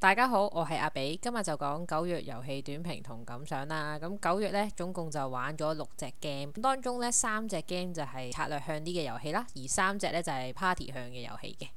大家好，我係阿比，今日就講九月遊戲短評同感想啦。咁九月咧，總共就玩咗六隻 game，當中咧三隻 game 就係策略向啲嘅遊戲啦，而三隻咧就係 party 向嘅遊戲嘅。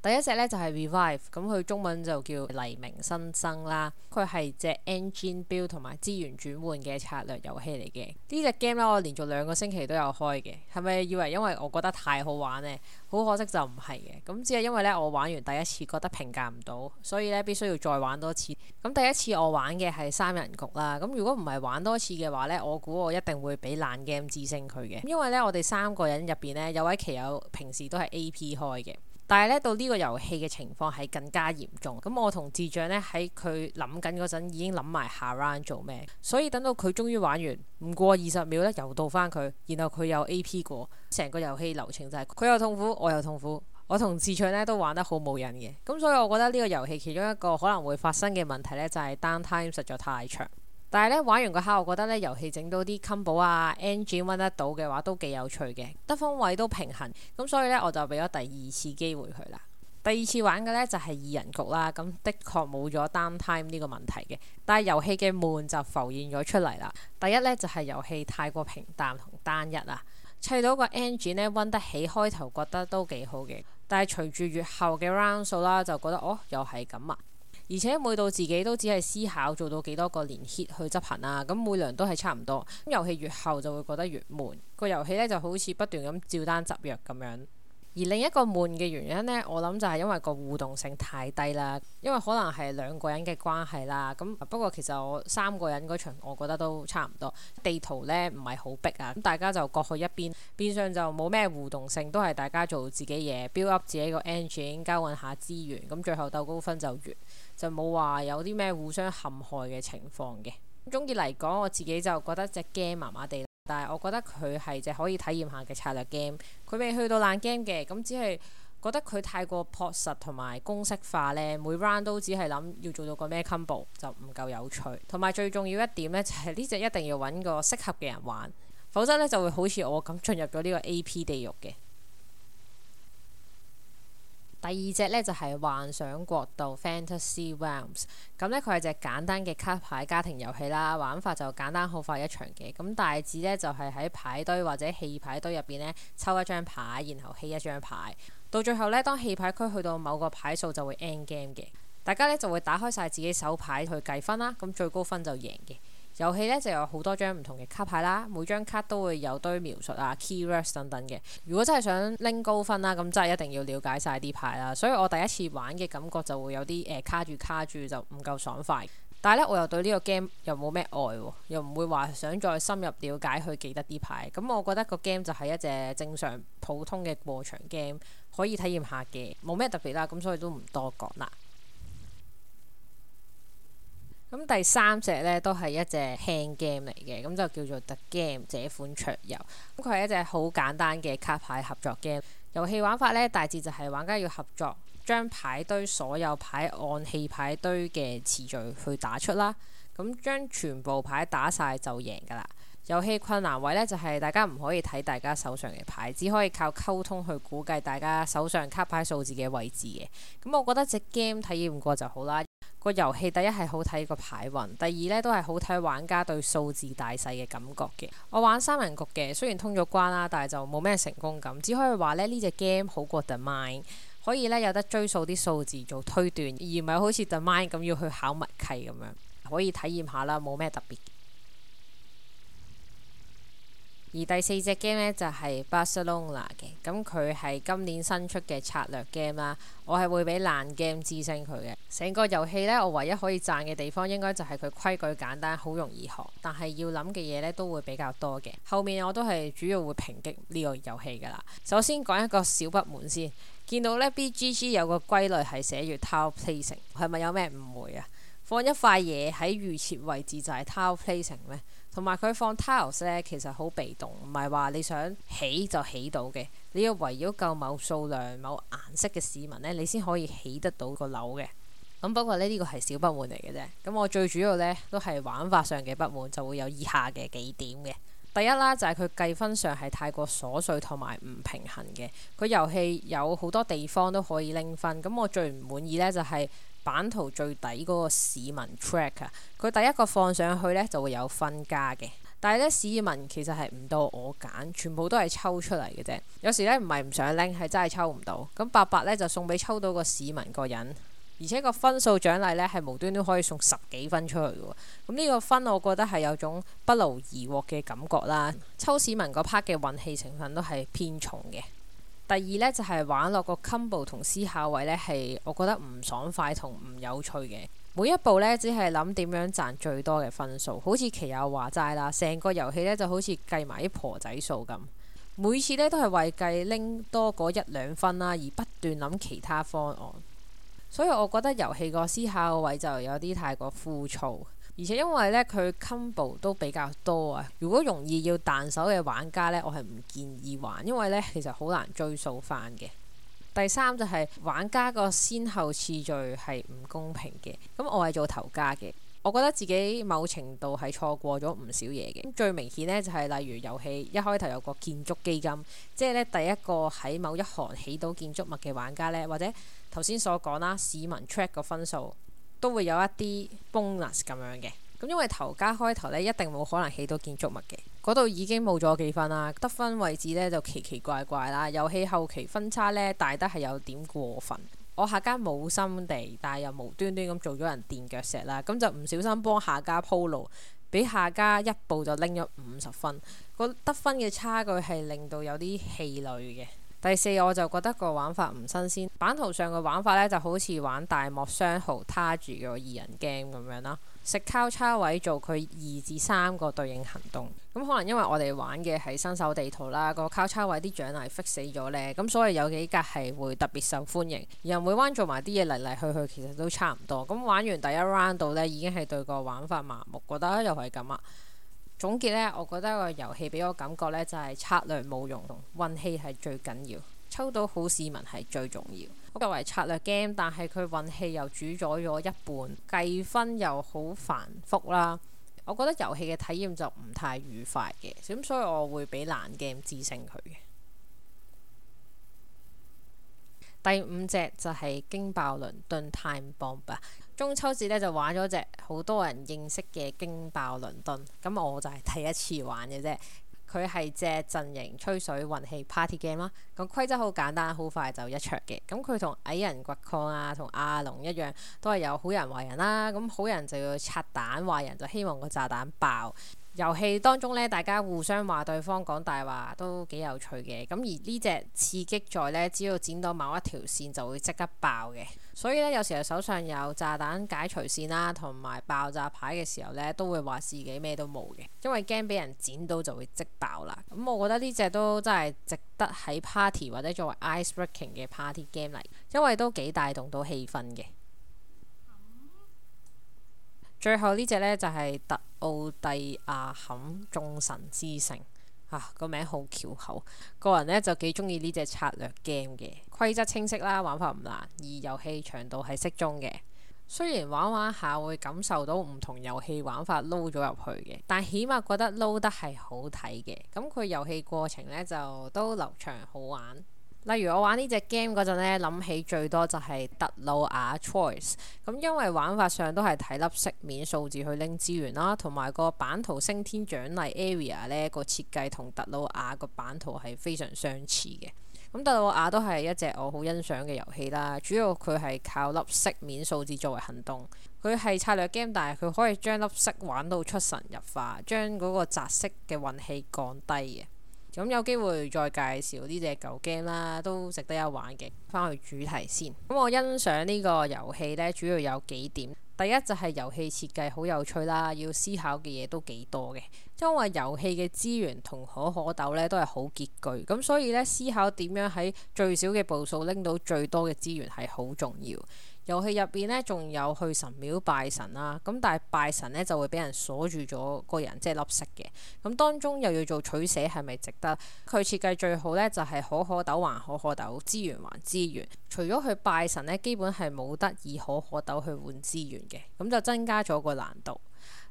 第一隻呢就係 Revive，咁佢中文就叫黎明新生啦。佢係隻 Engine Build 同埋資源轉換嘅策略遊戲嚟嘅。呢隻 game 呢，我連續兩個星期都有開嘅。係咪以為因為我覺得太好玩呢？好可惜就唔係嘅。咁只係因為呢，我玩完第一次覺得評價唔到，所以呢必須要再玩多次。咁第一次我玩嘅係三人局啦。咁如果唔係玩多次嘅話呢，我估我一定會俾爛 game 之星佢嘅。因為呢，我哋三個人入邊呢，有位棋友平時都係 AP 開嘅。但係咧，到呢個遊戲嘅情況係更加嚴重。咁我同智障呢喺佢諗緊嗰陣，已經諗埋下 round 做咩。所以等到佢終於玩完，唔過二十秒呢又到翻佢。然後佢又 AP 過，成個遊戲流程就係佢又痛苦，我又痛苦。我同智障呢都玩得好冇癮嘅。咁所以我覺得呢個遊戲其中一個可能會發生嘅問題呢，就係 down time 實在太長。但係咧，玩完個卡，我覺得咧遊戲整到啲 combo 啊，engine run 得到嘅話都幾有趣嘅，得分位都平衡，咁所以咧我就俾咗第二次機會佢啦。第二次玩嘅咧就係、是、二人局啦，咁的確冇咗 down time 呢個問題嘅，但係遊戲嘅悶就浮現咗出嚟啦。第一咧就係遊戲太過平淡同單一啊，砌到個 engine 咧 run 得起開頭覺得都幾好嘅，但係隨住越後嘅 round 數啦，就覺得哦又係咁啊。而且每到自己都只係思考做到幾多個連 hit 去執行啊，咁每輪都係差唔多。咁遊戲越後就會覺得越悶，個遊戲咧就好似不斷咁照單執藥咁樣。而另一個悶嘅原因咧，我諗就係因為個互動性太低啦。因為可能係兩個人嘅關係啦。咁不過其實我三個人嗰場，我覺得都差唔多。地圖咧唔係好逼啊，咁大家就各去一邊，變相就冇咩互動性，都係大家做自己嘢，build up 自己個 engine，交換下資源，咁最後鬥高分就完，就冇話有啲咩互相陷害嘅情況嘅。總結嚟講，我自己就覺得隻 game 麻麻地。但係我覺得佢係隻可以體驗下嘅策略 game，佢未去到爛 game 嘅，咁只係覺得佢太過樸實同埋公式化呢。每 round 都只係諗要做到個咩 combo 就唔夠有趣，同埋最重要一點呢，就係呢隻一定要揾個適合嘅人玩，否則呢就會好似我咁進入咗呢個 AP 地獄嘅。第二隻呢就係、是、幻想國度 Fantasy Realms，咁呢，佢係隻簡單嘅卡牌家庭遊戲啦，玩法就簡單好快一場嘅。咁大致呢，就係、是、喺牌堆或者棄牌堆入邊呢，抽一張牌，然後棄一張牌，到最後呢，當棄牌區去到某個牌數就會 end game 嘅，大家呢，就會打開晒自己手牌去計分啦，咁最高分就贏嘅。遊戲咧就有好多張唔同嘅卡牌啦，每張卡都會有堆描述啊，key words 等等嘅。如果真係想拎高分啦，咁真係一定要了解晒啲牌啦。所以我第一次玩嘅感覺就會有啲誒卡住卡住就唔夠爽快。但係咧，我又對呢個 game 又冇咩愛喎，又唔會話想再深入了解去記得啲牌。咁我覺得個 game 就係一隻正常普通嘅過場 game，可以體驗下嘅，冇咩特別啦。咁所以都唔多講啦。咁第三隻呢都係一隻輕 game 嚟嘅，咁就叫做 The Game。這款桌遊咁佢係一隻好簡單嘅卡牌合作 game。遊戲玩法呢大致就係玩家要合作將牌堆所有牌按棄牌堆嘅次序去打出啦。咁將全部牌打晒就贏㗎啦。遊戲困難位呢就係大家唔可以睇大家手上嘅牌，只可以靠溝通去估計大家手上卡牌數字嘅位置嘅。咁我覺得隻 game 體驗過就好啦。個遊戲第一係好睇個牌運，第二呢都係好睇玩家對數字大細嘅感覺嘅。我玩三人局嘅，雖然通咗關啦，但係就冇咩成功感，只可以話呢呢隻 game、這個、好過 The Mind，可以呢有得追溯啲數字做推斷，而唔係好似 The Mind 咁要去考默契咁樣，可以體驗下啦，冇咩特別。而第四隻 game 呢，就係 Barcelona 嘅，咁佢係今年新出嘅策略 game 啦。我係會俾爛 game 支生佢嘅。成個遊戲呢，我唯一可以讚嘅地方應該就係佢規矩簡單，好容易學，但係要諗嘅嘢呢，都會比較多嘅。後面我都係主要會評擊呢個遊戲㗎啦。首先講一個小不滿先，見到呢 BGG 有個歸類係寫住 Tile Placing 係咪有咩誤會啊？放一塊嘢喺預設位置就係 Tile Placing 咩？同埋佢放 tiles 咧，其實好被動，唔係話你想起就起到嘅。你要圍繞夠某數量、某顏色嘅市民咧，你先可以起得到個樓嘅。咁不過呢，呢個係小不滿嚟嘅啫。咁我最主要咧都係玩法上嘅不滿，就會有以下嘅幾點嘅。第一啦，就係佢計分上係太過瑣碎同埋唔平衡嘅。佢遊戲有好多地方都可以拎分，咁我最唔滿意咧就係。版圖最底嗰個市民 track 啊，佢第一個放上去呢就會有分加嘅，但係呢，市民其實係唔到我揀，全部都係抽出嚟嘅啫。有時呢，唔係唔想拎，係真係抽唔到。咁八百呢就送俾抽到個市民個人，而且個分數獎勵呢係無端端可以送十幾分出去喎。咁呢個分我覺得係有種不勞而獲嘅感覺啦。抽市民嗰 part 嘅運氣成分都係偏重嘅。第二呢，就係、是、玩落個 combo 同思考位呢係我覺得唔爽快同唔有趣嘅。每一步呢，只係諗點樣賺最多嘅分數，好似奇友話齋啦，成個遊戲呢，就好似計埋啲婆仔數咁，每次呢都係為計拎多嗰一兩分啦，而不斷諗其他方案，所以我覺得遊戲個思考位就有啲太過枯燥。而且因為咧，佢 combo 都比較多啊。如果容易要彈手嘅玩家咧，我係唔建議玩，因為咧其實好難追溯返嘅。第三就係玩家個先後次序係唔公平嘅。咁我係做頭家嘅，我覺得自己某程度係錯過咗唔少嘢嘅。咁最明顯咧就係例如遊戲一開頭有個建築基金，即係咧第一個喺某一行起到建築物嘅玩家咧，或者頭先所講啦，市民 track 個分數。都會有一啲 bonus 咁樣嘅，咁因為頭家開頭呢一定冇可能起到建築物嘅，嗰度已經冇咗幾分啦，得分位置呢就奇奇怪怪啦，遊戲後期分差呢大得係有點過分，我下家冇心地，但係又無端端咁做咗人墊腳石啦，咁就唔小心幫下家鋪路，俾下家一步就拎咗五十分，個得分嘅差距係令到有啲氣餒嘅。第四，我就覺得個玩法唔新鮮。版圖上嘅玩法咧，就好似玩大漠商豪他住個二人 game 咁樣啦。食交叉位做佢二至三個對應行動。咁、嗯、可能因為我哋玩嘅係新手地圖啦，個交叉位啲獎勵 fix 死咗呢，咁、嗯、所以有幾格係會特別受歡迎。然後每 round 做埋啲嘢嚟嚟去去，其實都差唔多。咁、嗯、玩完第一 round 度咧，已經係對個玩法麻木，覺得又係咁啊。總結呢，我覺得個遊戲俾我感覺呢，就係策略冇用，運氣係最緊要，抽到好市民係最重要。我作為策略 game，但係佢運氣又煮咗咗一半，計分又好繁複啦。我覺得遊戲嘅體驗就唔太愉快嘅，咁所以我會俾爛 game 之稱佢嘅。第五隻就係驚爆倫敦 Time Bomb。中秋節咧就玩咗隻好多人認識嘅驚爆倫敦，咁我就係第一次玩嘅啫。佢係隻陣營吹水運氣 party game 啦，個規則好簡單，好快就一場嘅。咁佢同矮人掘礦啊，同阿龍一樣，都係有好人壞人啦。咁、啊、好人就要拆彈，壞人就希望個炸彈爆。遊戲當中呢，大家互相話對方講大話都幾有趣嘅。咁而呢隻刺激在呢，只要剪到某一條線就會即刻爆嘅。所以咧，有時候手上有炸彈解除線啦，同埋爆炸牌嘅時候呢，都會話自己咩都冇嘅，因為驚俾人剪到就會即爆啦。咁、嗯、我覺得呢隻都真係值得喺 party 或者作為 ice breaking 嘅 party game 嚟，因為都幾帶動到氣氛嘅。嗯、最後呢隻呢，就係、是、特奧蒂瓦坎眾神之城。啊，個名好巧口，個人呢就幾中意呢隻策略 game 嘅，規則清晰啦，玩法唔難，而遊戲長度係適中嘅。雖然玩玩下會感受到唔同遊戲玩法撈咗入去嘅，但起碼覺得撈得係好睇嘅。咁佢遊戲過程呢就都流暢好玩。例如我玩呢隻 game 嗰陣呢，諗起最多就係特魯瓦 choice。咁因為玩法上都係睇粒色面數字去拎資源啦，同埋個版圖升天獎勵 area 呢個設計同特魯瓦個版圖係非常相似嘅。咁特魯瓦都係一隻我好欣賞嘅遊戲啦。主要佢係靠粒色面數字作為行動，佢係策略 game，但係佢可以將粒色玩到出神入化，將嗰個擲色嘅運氣降低嘅。咁有機會再介紹呢隻舊 game 啦，都值得一玩嘅。翻去主題先，咁我欣賞呢個遊戲呢，主要有幾點。第一就係遊戲設計好有趣啦，要思考嘅嘢都幾多嘅，因為遊戲嘅資源同可可豆呢都係好拮據，咁所以呢，思考點樣喺最少嘅步數拎到最多嘅資源係好重要。遊戲入邊呢，仲有去神廟拜神啦，咁但係拜神呢，就會俾人鎖住咗個人，即係粒色嘅。咁當中又要做取捨，係咪值得？佢設計最好呢，就係可可豆還可可豆，資源還資源。除咗去拜神呢，基本係冇得以可可豆去換資源嘅，咁就增加咗個難度。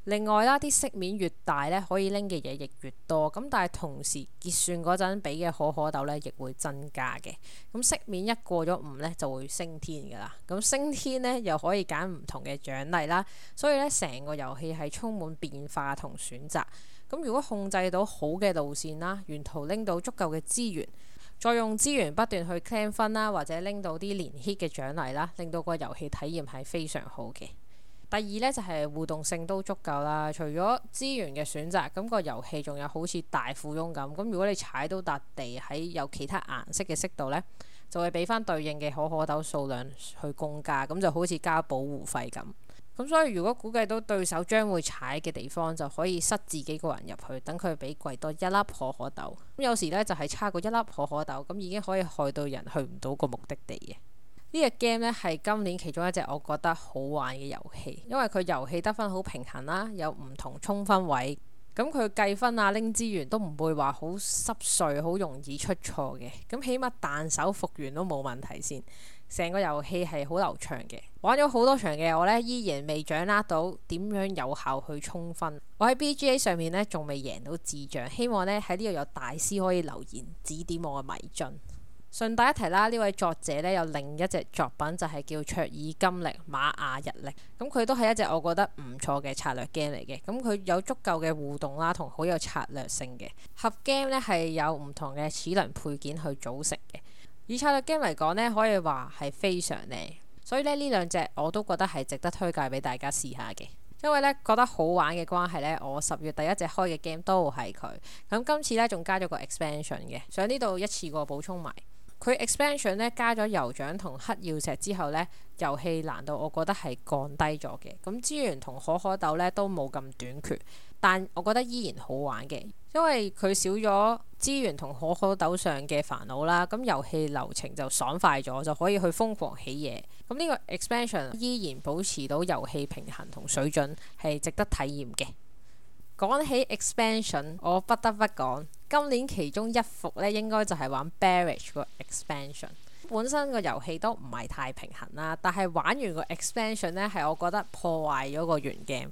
另外啦，啲骰面越大呢，可以拎嘅嘢亦越多。咁但係同時結算嗰陣俾嘅可可豆呢，亦會增加嘅。咁骰面一過咗五呢，就會升天㗎啦。咁升天呢，又可以揀唔同嘅獎勵啦。所以呢，成個遊戲係充滿變化同選擇。咁如果控制到好嘅路線啦，沿途拎到足夠嘅資源，再用資源不斷去 claim 分啦，或者拎到啲連 hit 嘅獎勵啦，令到個遊戲體驗係非常好嘅。第二呢，就係互動性都足夠啦，除咗資源嘅選擇，咁個遊戲仲有好似大富翁咁。咁如果你踩到笪地喺有其他顏色嘅色度呢，就會俾翻對應嘅可可豆數量去供價，咁就好似交保護費咁。咁所以如果估計到對手將會踩嘅地方，就可以塞自己個人入去，等佢俾貴多一粒可可豆。咁有時呢，就係差過一粒可可豆，咁已經可以害到人去唔到個目的地嘅。呢個 game 呢，係今年其中一隻我覺得好玩嘅遊戲，因為佢遊戲得分好平衡啦，有唔同衝分位，咁佢計分啊拎資源都唔會話好濕碎，好容易出錯嘅，咁起碼彈手復原都冇問題先。成個遊戲係好流暢嘅，玩咗好多場嘅我呢，依然未掌握到點樣有效去衝分。我喺 BGA 上面呢，仲未贏到智障。希望呢，喺呢度有大師可以留言指點我嘅迷津。順帶一提啦，呢位作者呢，有另一隻作品就係叫卓爾金曆瑪雅日曆。咁佢都係一隻我覺得唔錯嘅策略 game 嚟嘅。咁佢有足夠嘅互動啦，同好有策略性嘅盒 game 呢，係有唔同嘅齒輪配件去組成嘅。以策略 game 嚟講呢，可以話係非常靚。所以呢，呢兩隻我都覺得係值得推介俾大家試下嘅。因為呢，覺得好玩嘅關係呢，我十月第一隻開嘅 game 都係佢。咁今次呢，仲加咗個 expansion 嘅，上呢度一次過補充埋。佢 expansion 呢，加咗油掌同黑曜石之後呢，遊戲難度我覺得係降低咗嘅。咁資源同可可豆呢都冇咁短缺，但我覺得依然好玩嘅，因為佢少咗資源同可可豆上嘅煩惱啦。咁遊戲流程就爽快咗，就可以去瘋狂起嘢。咁呢個 expansion 依然保持到遊戲平衡同水準，係值得體驗嘅。講起 expansion，我不得不講。今年其中一幅咧，應該就係玩 Barrage 個 Expansion。本身個遊戲都唔係太平衡啦，但係玩完個 Expansion 呢，係我覺得破壞咗個原 game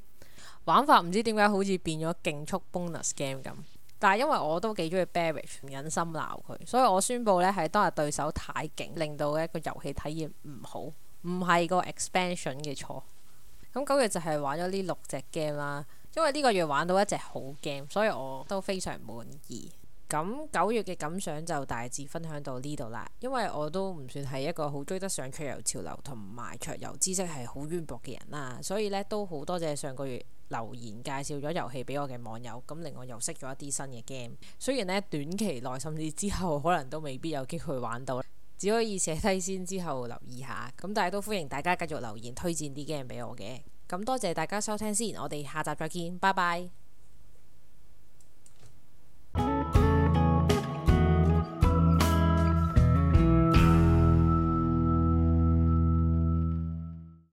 玩法。唔知點解好似變咗競速 bonus game 咁。但係因為我都幾中意 Barrage，唔忍心鬧佢，所以我宣布呢係當日對手太勁，令到一個遊戲體驗唔好，唔係個 Expansion 嘅錯。咁今日就係玩咗呢六隻 game 啦。因為呢個月玩到一隻好 game，所以我都非常滿意。咁九月嘅感想就大致分享到呢度啦。因為我都唔算係一個好追得上桌遊潮流同埋桌遊知識係好淵博嘅人啦，所以呢都好多謝上個月留言介紹咗遊戲俾我嘅網友。咁令我又識咗一啲新嘅 game。雖然呢短期內甚至之後可能都未必有機會玩到，只可以寫低先之後留意下。咁但係都歡迎大家繼續留言推薦啲 game 俾我嘅。咁多謝大家收聽先，我哋下集再見，拜拜。